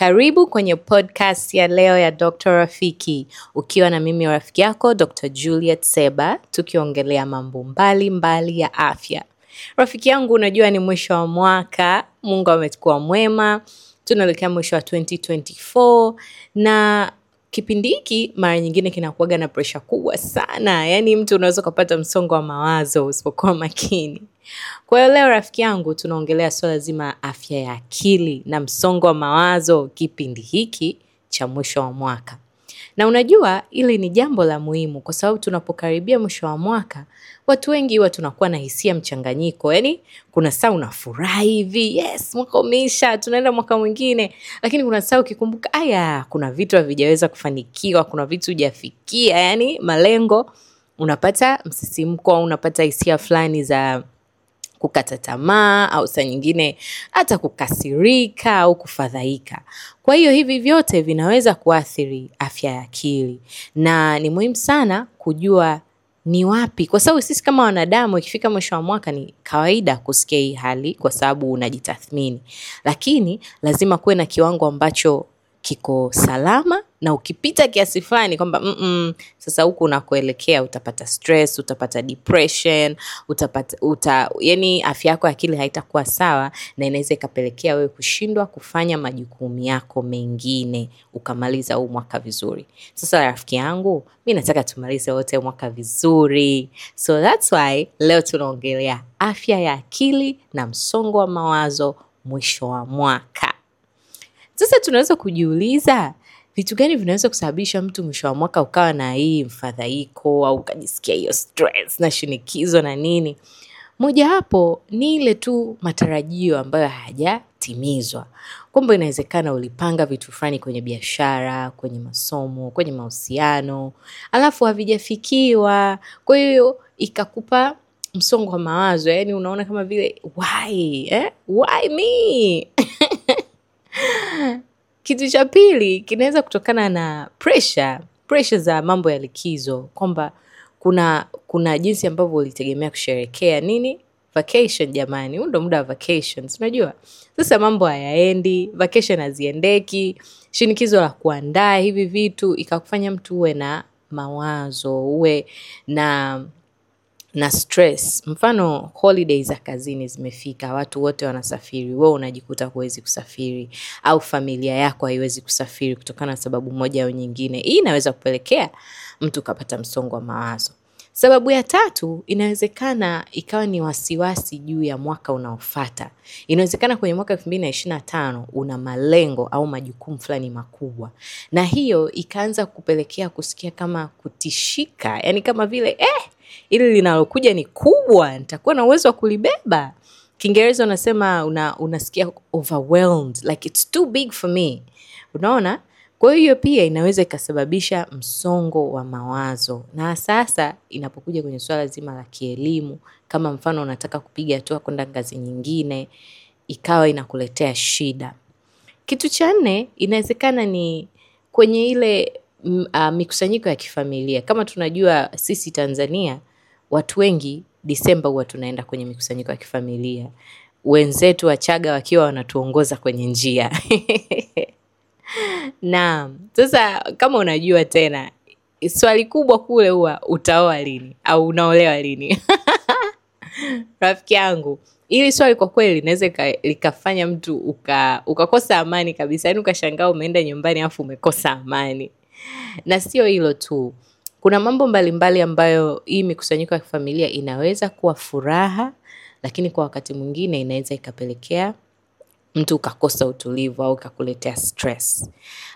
Karibu kwenye podcast ya leo ya Dr. Rafiki ukiwa na mimi rafiki yako Dr. Juliet Seba tukiongelea mambo mbalimbali ya afya. Rafiki yangu, unajua ni mwisho wa mwaka, Mungu amekuwa mwema, tunaelekea mwisho wa 2024 na kipindi hiki mara nyingine kinakuaga na presha kubwa sana yaani mtu unaweza ukapata msongo wa mawazo usipokuwa makini kwa hiyo leo rafiki yangu tunaongelea swala so zima afya ya akili na msongo wa mawazo kipindi hiki cha mwisho wa mwaka na unajua ili ni jambo la muhimu kwa sababu tunapokaribia mwisho wa mwaka, watu wengi huwa tunakuwa na hisia mchanganyiko. Yaani kuna saa unafurahi hivi, yes, mwaka umeisha, tunaenda mwaka mwingine. Lakini kuna saa ukikumbuka, aya, kuna vitu havijaweza kufanikiwa, kuna vitu hujafikia, yani malengo unapata msisimko, unapata hisia fulani za kukata tamaa au saa nyingine hata kukasirika au kufadhaika. Kwa hiyo hivi vyote vinaweza kuathiri afya ya akili, na ni muhimu sana kujua ni wapi, kwa sababu sisi kama wanadamu ikifika mwisho wa mwaka ni kawaida kusikia hii hali, kwa sababu unajitathmini, lakini lazima kuwe na kiwango ambacho kiko salama na ukipita kiasi fulani kwamba mm-mm, sasa huku unakoelekea utapata stress utapata depression utapata uta, yani afya yako ya akili haitakuwa sawa na inaweza ikapelekea wewe kushindwa kufanya majukumu yako mengine ukamaliza huu mwaka vizuri sasa rafiki yangu mi nataka tumalize wote mwaka vizuri so thats why leo tunaongelea afya ya akili na msongo wa mawazo mwisho wa mwaka sasa tunaweza kujiuliza vitu gani vinaweza kusababisha mtu mwisho wa mwaka ukawa na hii mfadhaiko au ukajisikia hiyo stress na shinikizo na nini. Mojawapo ni ile tu matarajio ambayo hayajatimizwa, kwamba inawezekana ulipanga vitu fulani kwenye biashara, kwenye masomo, kwenye mahusiano, alafu havijafikiwa, kwa hiyo ikakupa msongo wa mawazo, yaani unaona kama vile why, eh? why me Kitu cha pili kinaweza kutokana na pressure, pressure za mambo ya likizo kwamba kuna kuna jinsi ambavyo ulitegemea kusherekea nini vacation. Jamani, huu ndo muda wa vacations, unajua sasa mambo hayaendi, vacation haziendeki, shinikizo la kuandaa hivi vitu ikakufanya mtu uwe na mawazo uwe na na stress. Mfano holiday za kazini zimefika, watu wote wanasafiri, wewe unajikuta huwezi kusafiri, au familia yako haiwezi kusafiri kutokana na sababu moja au nyingine. Hii inaweza kupelekea mtu kapata msongo wa mawazo. Sababu ya tatu inawezekana ikawa ni wasiwasi juu ya mwaka unaofata Inawezekana kwenye mwaka 2025 una malengo au majukumu fulani makubwa, na hiyo ikaanza kupelekea kusikia kama kutishika, yani kama vile eh, ili linalokuja ni kubwa, nitakuwa na uwezo wa kulibeba. Kiingereza unasema una, unasikia overwhelmed like it's too big for me, unaona. Kwa hiyo pia inaweza ikasababisha msongo wa mawazo, na sasa inapokuja kwenye swala zima la kielimu, kama mfano unataka kupiga hatua kwenda ngazi nyingine, ikawa inakuletea shida. Kitu cha nne inawezekana ni kwenye ile uh, mikusanyiko ya kifamilia. Kama tunajua sisi Tanzania watu wengi Disemba huwa tunaenda kwenye mikusanyiko ya kifamilia, wenzetu Wachaga wakiwa wanatuongoza kwenye njia na sasa, kama unajua tena, swali kubwa kule huwa utaoa lini au unaolewa lini? Rafiki yangu, ili swali kwa kweli linaweza likafanya mtu uka, ukakosa amani kabisa, yaani ukashangaa umeenda nyumbani afu umekosa amani na sio hilo tu, kuna mambo mbalimbali mbali ambayo hii mikusanyiko ya kifamilia inaweza kuwa furaha, lakini kwa wakati mwingine inaweza ikapelekea mtu ukakosa utulivu au ukakuletea stress.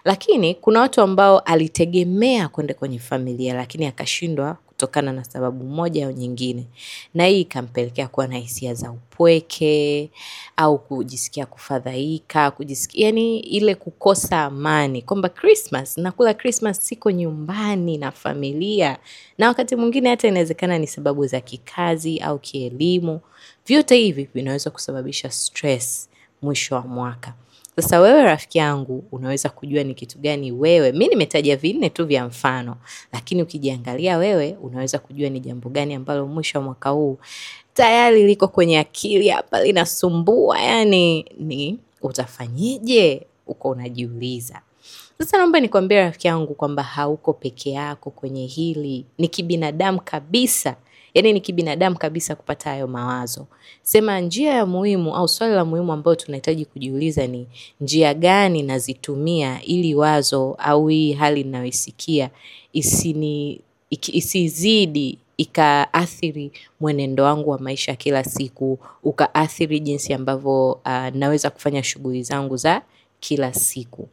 Lakini kuna watu ambao alitegemea kwenda kwenye familia, lakini akashindwa kutokana na sababu moja au nyingine, na hii ikampelekea kuwa na hisia za upweke au kujisikia kufadhaika, kujisikia yani ile kukosa amani, kwamba Christmas nakula Christmas, siko nyumbani na familia, na wakati mwingine hata inawezekana ni sababu za kikazi au kielimu. Vyote hivi vinaweza kusababisha stress mwisho wa mwaka. Sasa wewe rafiki yangu, unaweza kujua ni kitu gani wewe, mi nimetaja vinne tu vya mfano, lakini ukijiangalia wewe unaweza kujua ni jambo gani ambalo mwisho wa mwaka huu tayari liko kwenye akili hapa linasumbua, yani ni utafanyije uko unajiuliza. Sasa naomba nikuambia rafiki yangu kwamba hauko peke yako kwenye hili, ni kibinadamu kabisa yani ni kibinadamu kabisa kupata hayo mawazo. Sema njia ya muhimu au swali la muhimu ambayo tunahitaji kujiuliza ni njia gani nazitumia ili wazo au hii hali ninayoisikia isini isizidi ikaathiri mwenendo wangu wa maisha kila siku, ukaathiri jinsi ambavyo uh, naweza kufanya shughuli zangu za kila siku.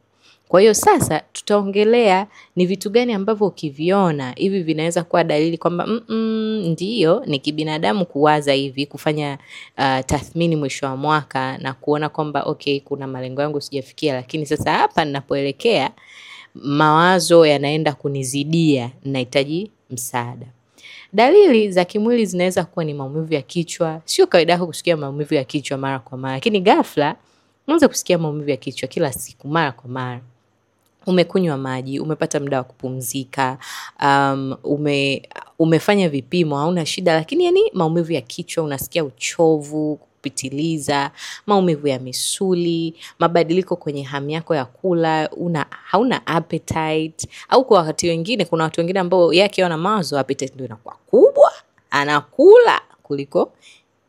Kwa hiyo sasa tutaongelea ni vitu gani ambavyo ukiviona hivi vinaweza kuwa dalili kwamba mm -mm, ndiyo ni kibinadamu kuwaza hivi, kufanya uh, tathmini mwisho wa mwaka na kuona kwamba okay, kuna malengo yangu sijafikia, lakini sasa hapa ninapoelekea mawazo yanaenda kunizidia, nahitaji msaada. Dalili za kimwili zinaweza kuwa ni maumivu ya kichwa. Sio kawaida yako kusikia maumivu ya kichwa mara kwa mara, lakini ghafla unaanza kusikia maumivu ya kichwa kila siku mara kwa mara umekunywa maji, umepata muda wa kupumzika, um, ume, umefanya vipimo, hauna shida, lakini yani maumivu ya kichwa, unasikia uchovu kupitiliza, maumivu ya misuli, mabadiliko kwenye hamu yako ya kula, una, hauna appetite. Au kwa wakati wengine, kuna watu wengine ambao yake wana mawazo, appetite ndio inakuwa kubwa, anakula kuliko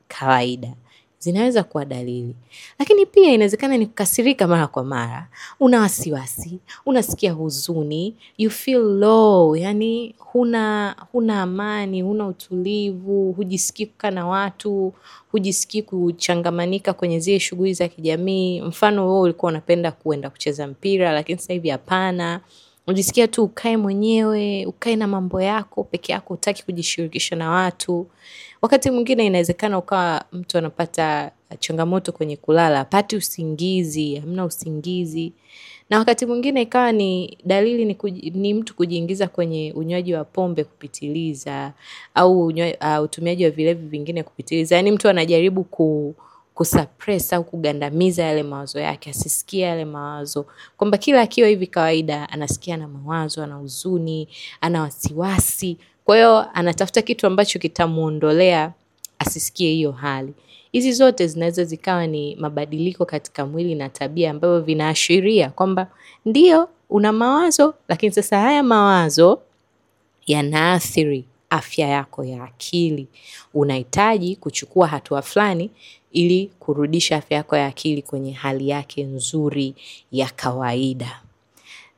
kawaida zinaweza kuwa dalili, lakini pia inawezekana ni kukasirika mara kwa mara, una wasiwasi, unasikia huzuni, you feel low, yani huna huna amani, huna utulivu, hujisikii kukaa na watu, hujisikii kuchangamanika kwenye zile shughuli za kijamii. Mfano, wewe ulikuwa unapenda kuenda kucheza mpira, lakini sasa hivi hapana ujisikia tu ukae mwenyewe, ukae na mambo yako peke yako, utaki kujishirikisha na watu. Wakati mwingine inawezekana ukawa mtu anapata uh, changamoto kwenye kulala, apati usingizi, hamna usingizi, na wakati mwingine ikawa ni dalili ni, kuj, ni mtu kujiingiza kwenye unywaji wa pombe kupitiliza au uh, utumiaji wa vilevi vingine kupitiliza, yaani mtu anajaribu ku kusapres au kugandamiza yale mawazo yake, asisikie yale mawazo, kwamba kila akiwa hivi kawaida anasikia na mawazo, ana huzuni, ana wasiwasi. Kwa hiyo anatafuta kitu ambacho kitamwondolea asisikie hiyo hali. Hizi zote zinaweza zikawa ni mabadiliko katika mwili na tabia ambavyo vinaashiria kwamba ndio una mawazo, lakini sasa haya mawazo yanaathiri afya yako ya akili. Unahitaji kuchukua hatua fulani ili kurudisha afya yako ya akili kwenye hali yake nzuri ya kawaida.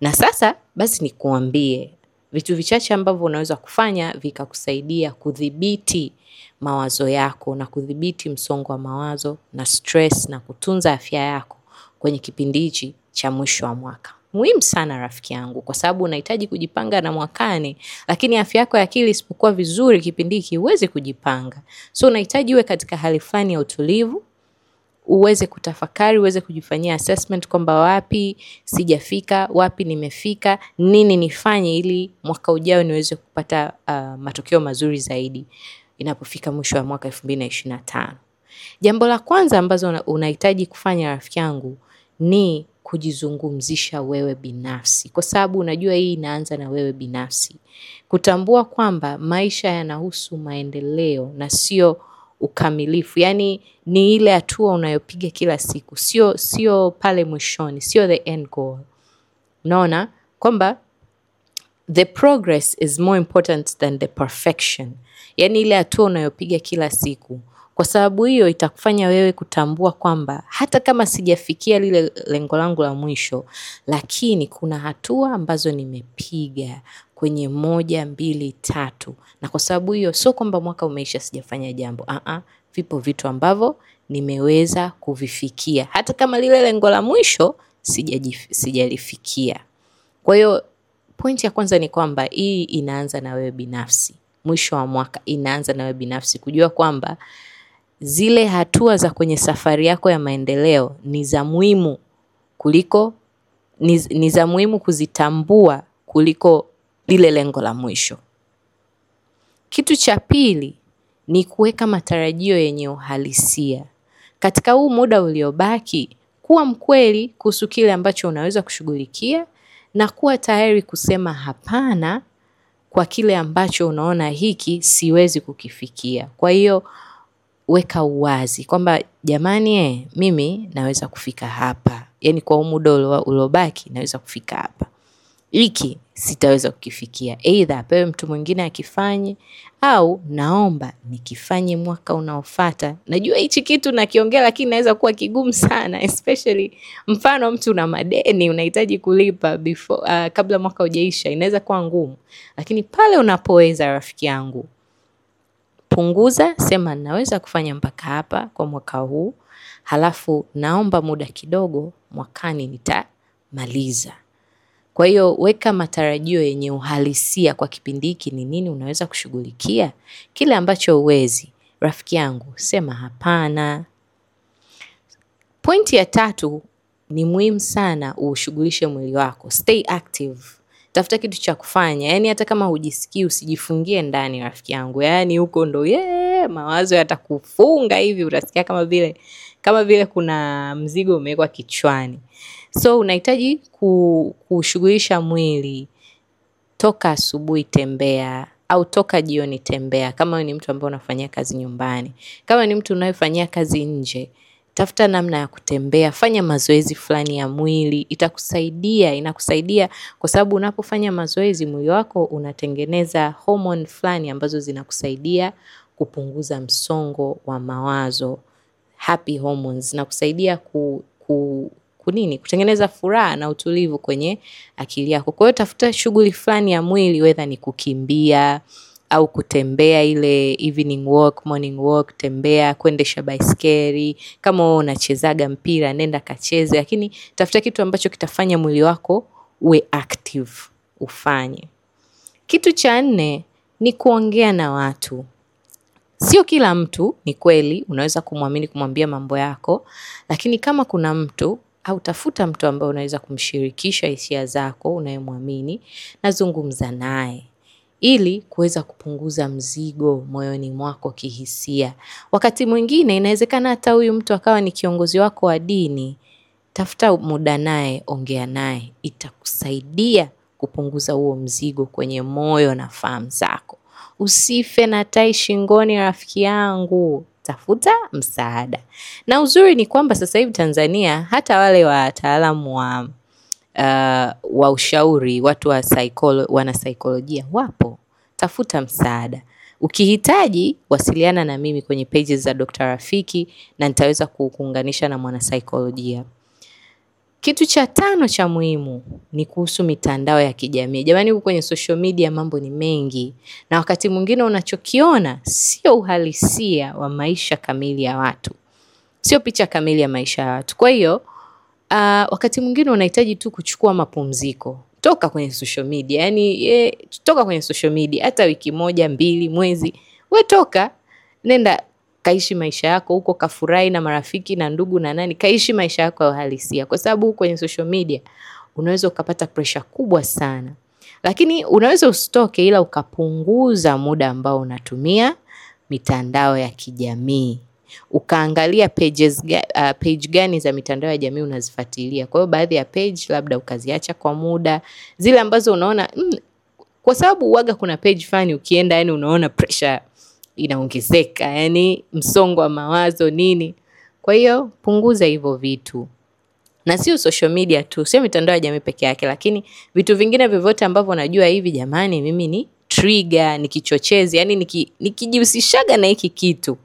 Na sasa basi nikuambie vitu vichache ambavyo unaweza kufanya vikakusaidia kudhibiti mawazo yako na kudhibiti msongo wa mawazo na stress na kutunza afya yako kwenye kipindi hichi cha mwisho wa mwaka. Muhimu sana rafiki yangu, kwa sababu unahitaji kujipanga na mwakani, lakini afya yako ya akili isipokuwa vizuri kipindi hiki, huwezi kujipanga. So unahitaji uwe katika hali fulani ya utulivu uweze kutafakari, uweze kujifanyia assessment kwamba wapi sijafika, wapi nimefika, nini nifanye ili mwaka ujao niweze kupata uh, matokeo mazuri zaidi inapofika mwisho wa mwaka 2025. Jambo la kwanza ambazo unahitaji kufanya rafiki yangu ni kujizungumzisha wewe binafsi, kwa sababu unajua hii inaanza na wewe binafsi, kutambua kwamba maisha yanahusu maendeleo na sio ukamilifu. yani ni ile hatua unayopiga kila siku, sio sio pale mwishoni, sio the end goal. Unaona kwamba the progress is more important than the perfection, yani ile hatua unayopiga kila siku kwa sababu hiyo itakufanya wewe kutambua kwamba hata kama sijafikia lile lengo langu la mwisho, lakini kuna hatua ambazo nimepiga kwenye moja, mbili, tatu. Na kwa sababu hiyo sio kwamba mwaka umeisha sijafanya jambo. Aa, uh-uh. vipo vitu ambavyo nimeweza kuvifikia hata kama lile lengo la mwisho sijalifikia. Kwa hiyo pointi ya kwanza ni kwamba hii inaanza na wewe binafsi. Mwisho wa mwaka inaanza na wewe binafsi kujua kwamba zile hatua za kwenye safari yako ya maendeleo ni za muhimu kuliko ni za muhimu kuzitambua kuliko lile lengo la mwisho. Kitu cha pili ni kuweka matarajio yenye uhalisia. Katika huu muda uliobaki, kuwa mkweli kuhusu kile ambacho unaweza kushughulikia na kuwa tayari kusema hapana kwa kile ambacho unaona hiki siwezi kukifikia. Kwa hiyo weka uwazi kwamba jamani, eh, mimi naweza kufika hapa, yaani kwa muda uliobaki naweza kufika hapa hiki sitaweza kukifikia, aidha apewe mtu mwingine akifanye, au naomba nikifanye mwaka unaofata. Najua hichi kitu nakiongea, lakini naweza kuwa kigumu sana, especially mfano mtu una madeni unahitaji kulipa before, uh, ah, kabla mwaka ujaisha, inaweza kuwa ngumu, lakini pale unapoweza, rafiki yangu, punguza, sema naweza kufanya mpaka hapa kwa mwaka huu, halafu naomba muda kidogo, mwakani nitamaliza. Kwa hiyo weka matarajio yenye uhalisia kwa kipindi hiki ni nini unaweza kushughulikia. Kile ambacho uwezi rafiki yangu, sema hapana. Pointi ya tatu ni muhimu sana uushughulishe mwili wako. Stay active. Tafuta kitu cha kufanya, yani hata kama hujisikii usijifungie ndani rafiki yangu, yani huko ndo ye mawazo yatakufunga hivi, utasikia kama vile kama vile kuna mzigo umewekwa kichwani. So unahitaji kushughulisha mwili, toka asubuhi tembea au toka jioni tembea, kama ni mtu ambaye unafanyia kazi nyumbani. Kama ni mtu unayefanyia kazi nje, tafuta namna ya kutembea, fanya mazoezi fulani ya mwili, itakusaidia, inakusaidia kwa sababu unapofanya mazoezi mwili wako unatengeneza homoni fulani ambazo zinakusaidia kupunguza msongo wa mawazo, happy hormones, zinakusaidia ku, ku kunini kutengeneza furaha na utulivu kwenye akili yako. Kwa hiyo tafuta shughuli fulani ya mwili, wedha ni kukimbia au kutembea, ile evening walk, morning walk, tembea, kuendesha baiskeli. Kama wewe unachezaga mpira, nenda kacheze, lakini tafuta kitu ambacho kitafanya mwili wako uwe active, ufanye. Kitu cha nne ni kuongea na watu. Sio kila mtu, ni kweli, unaweza kumwamini kumwambia mambo yako, lakini kama kuna mtu au tafuta mtu ambaye unaweza kumshirikisha hisia zako unayemwamini na zungumza naye ili kuweza kupunguza mzigo moyoni mwako kihisia. Wakati mwingine inawezekana hata huyu mtu akawa ni kiongozi wako wa dini. Tafuta muda naye, ongea naye, itakusaidia kupunguza huo mzigo kwenye moyo na fahamu zako. Usife na tai shingoni, rafiki yangu tafuta msaada. Na uzuri ni kwamba sasa hivi Tanzania hata wale wataalamu wa uh, wa ushauri, watu wa wana wanasaikolojia wapo. Tafuta msaada. Ukihitaji wasiliana na mimi kwenye pages za Dr. Rafiki na nitaweza kukuunganisha na mwanasaikolojia. Kitu cha tano cha muhimu ni kuhusu mitandao ya kijamii. Jamani, huku kwenye social media mambo ni mengi, na wakati mwingine unachokiona sio uhalisia wa maisha kamili ya watu, sio picha kamili ya maisha ya watu. Kwa hiyo uh, wakati mwingine unahitaji tu kuchukua mapumziko toka kwenye social media, yani e, toka kwenye social media hata wiki moja mbili, mwezi, we toka nenda kaishi maisha yako huko, kafurahi na marafiki na ndugu na nani, kaishi maisha yako ya uhalisia, kwa sababu kwenye social media unaweza ukapata presha kubwa sana, lakini unaweza usitoke, ila ukapunguza muda ambao unatumia mitandao ya kijamii ukaangalia pages, uh, page gani za mitandao ya jamii unazifuatilia. Kwa hiyo baadhi ya page labda ukaziacha kwa muda, zile ambazo unaona mm, kwa sababu uwaga kuna page fani ukienda, yani unaona pressure inaongezeka, yani msongo wa mawazo nini. Kwa hiyo punguza hivyo vitu, na sio social media tu, sio mitandao ya jamii peke yake, lakini vitu vingine vyovyote ambavyo unajua hivi, jamani, mimi ni trigger, ni kichochezi, yani niki, na hiki kitu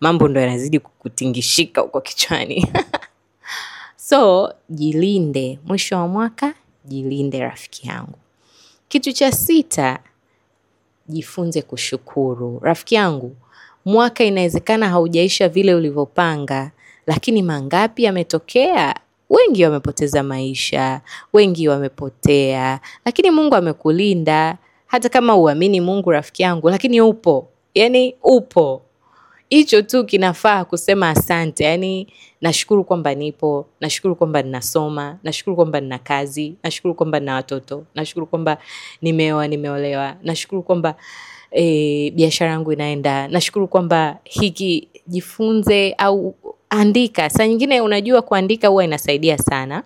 mambo ndo yanazidi kukutingishika huko kichwani. So jilinde, mwisho wa mwaka jilinde rafiki yangu. Kitu cha sita jifunze kushukuru. Rafiki yangu, mwaka inawezekana haujaisha vile ulivyopanga, lakini mangapi yametokea? Wengi wamepoteza maisha, wengi wamepotea, lakini Mungu amekulinda. Hata kama uamini Mungu, rafiki yangu, lakini upo, yaani upo hicho tu kinafaa kusema asante. Yani, nashukuru kwamba nipo, nashukuru kwamba ninasoma, nashukuru kwamba nina kazi, nashukuru kwamba nina watoto, nashukuru kwamba nimeoa, nimeolewa, nashukuru kwamba e, biashara yangu inaenda, nashukuru kwamba hiki. Jifunze au andika. Saa nyingine unajua kuandika huwa inasaidia sana,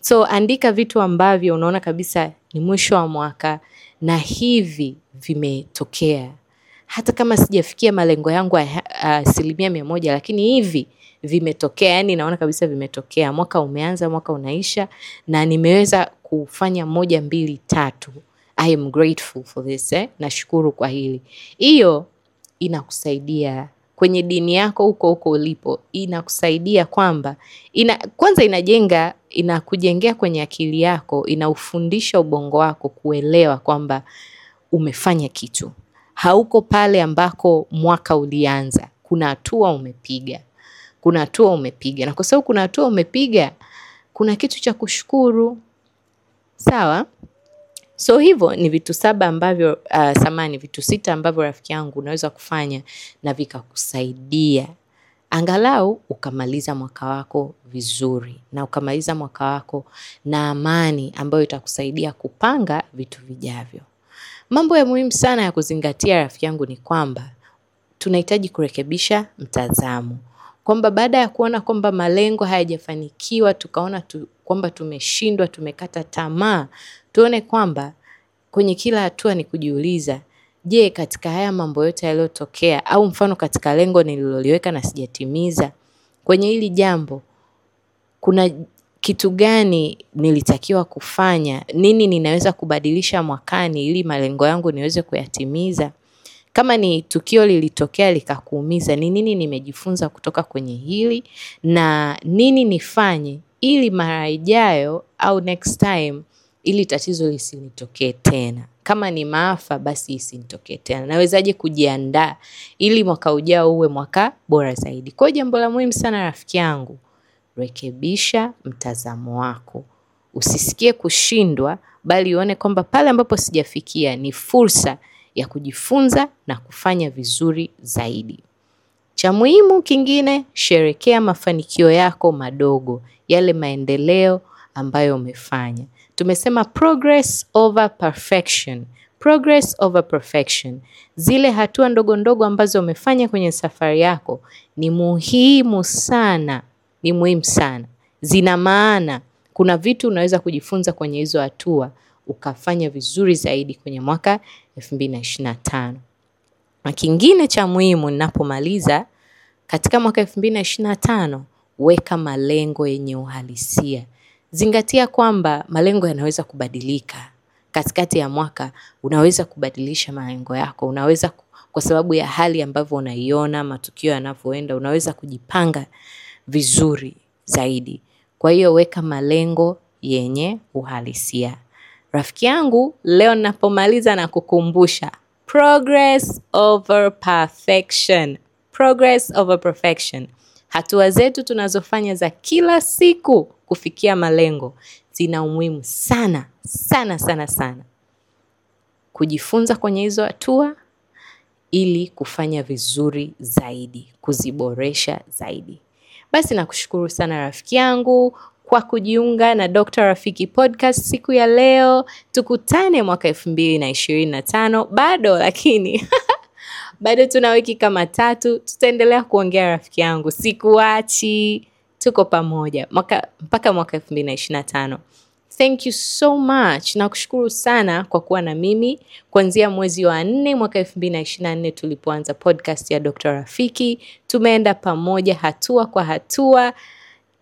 so andika vitu ambavyo unaona kabisa ni mwisho wa mwaka na hivi vimetokea hata kama sijafikia malengo yangu asilimia mia moja, lakini hivi vimetokea, yani naona kabisa vimetokea. Mwaka umeanza, mwaka unaisha, na nimeweza kufanya moja, mbili, tatu. I am grateful for this eh? Nashukuru kwa hili. Hiyo inakusaidia kwenye dini yako huko huko ulipo, inakusaidia kwamba ina, kwanza inajenga inakujengea kwenye akili yako, inaufundisha ubongo wako kuelewa kwamba umefanya kitu hauko pale ambako mwaka ulianza. Kuna hatua umepiga, kuna hatua umepiga, na kwa sababu kuna hatua umepiga, kuna kitu cha kushukuru. Sawa. So hivyo ni vitu saba ambavyo uh, samani vitu sita ambavyo rafiki yangu unaweza kufanya na vikakusaidia angalau ukamaliza mwaka wako vizuri na ukamaliza mwaka wako na amani ambayo itakusaidia kupanga vitu vijavyo. Mambo ya muhimu sana ya kuzingatia rafiki yangu ni kwamba tunahitaji kurekebisha mtazamo, kwamba baada ya kuona kwamba malengo hayajafanikiwa tukaona tu, kwamba tumeshindwa, tumekata tamaa, tuone kwamba kwenye kila hatua ni kujiuliza, je, katika haya mambo yote yaliyotokea, au mfano katika lengo nililoliweka na sijatimiza, kwenye hili jambo kuna kitu gani nilitakiwa kufanya, nini ninaweza kubadilisha mwakani ili malengo yangu niweze kuyatimiza. Kama ni tukio lilitokea likakuumiza, ni nini nimejifunza kutoka kwenye hili na nini nifanye ili mara ijayo au next time ili tatizo lisinitokee tena. Kama ni maafa basi isinitokee tena. Nawezaje kujiandaa ili mwaka ujao uwe mwaka bora zaidi. Kwa hiyo jambo la muhimu sana rafiki yangu rekebisha mtazamo wako, usisikie kushindwa, bali uone kwamba pale ambapo sijafikia ni fursa ya kujifunza na kufanya vizuri zaidi. Cha muhimu kingine, sherekea mafanikio yako madogo, yale maendeleo ambayo umefanya. Tumesema progress over perfection. Progress over perfection. Zile hatua ndogo ndogo ambazo umefanya kwenye safari yako ni muhimu sana ni muhimu sana, zina maana. Kuna vitu unaweza kujifunza kwenye hizo hatua ukafanya vizuri zaidi kwenye mwaka 2025. Na kingine cha muhimu ninapomaliza, katika mwaka 2025 weka malengo yenye uhalisia. Zingatia kwamba malengo yanaweza kubadilika katikati ya mwaka. Unaweza kubadilisha malengo yako, unaweza kwa sababu ya hali ambavyo unaiona, matukio yanavyoenda, unaweza kujipanga vizuri zaidi. Kwa hiyo weka malengo yenye uhalisia. Rafiki yangu, leo ninapomaliza na kukumbusha progress over perfection. Progress over perfection. Hatua zetu tunazofanya za kila siku kufikia malengo zina umuhimu sana sana sana sana. Kujifunza kwenye hizo hatua ili kufanya vizuri zaidi, kuziboresha zaidi. Basi nakushukuru sana rafiki yangu kwa kujiunga na d Rafiki podcast siku ya leo. Tukutane mwaka elfu mbili na ishirini na tano bado lakini bado tuna wiki kama tatu, tutaendelea kuongea rafiki yangu, sikuachi, tuko pamoja mpaka mwaka elfu mbili na ishirini na tano. Thank you so much, nakushukuru sana kwa kuwa na mimi kuanzia mwezi wa nne mwaka elfu mbili na ishirini nne tulipoanza podcast ya Dr. Rafiki. Tumeenda pamoja hatua kwa hatua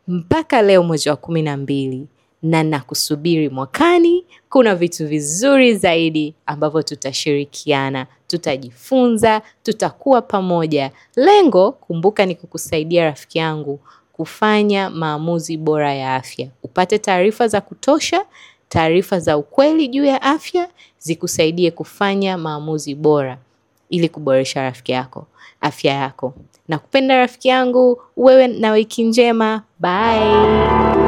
mpaka leo mwezi wa kumi na mbili na nakusubiri mwakani. Kuna vitu vizuri zaidi ambavyo tutashirikiana, tutajifunza, tutakuwa pamoja. Lengo, kumbuka, ni kukusaidia rafiki yangu kufanya maamuzi bora ya afya. Upate taarifa za kutosha, taarifa za ukweli juu ya afya zikusaidie kufanya maamuzi bora ili kuboresha rafiki yako, afya yako. Nakupenda rafiki yangu, wewe na wiki njema. Bye.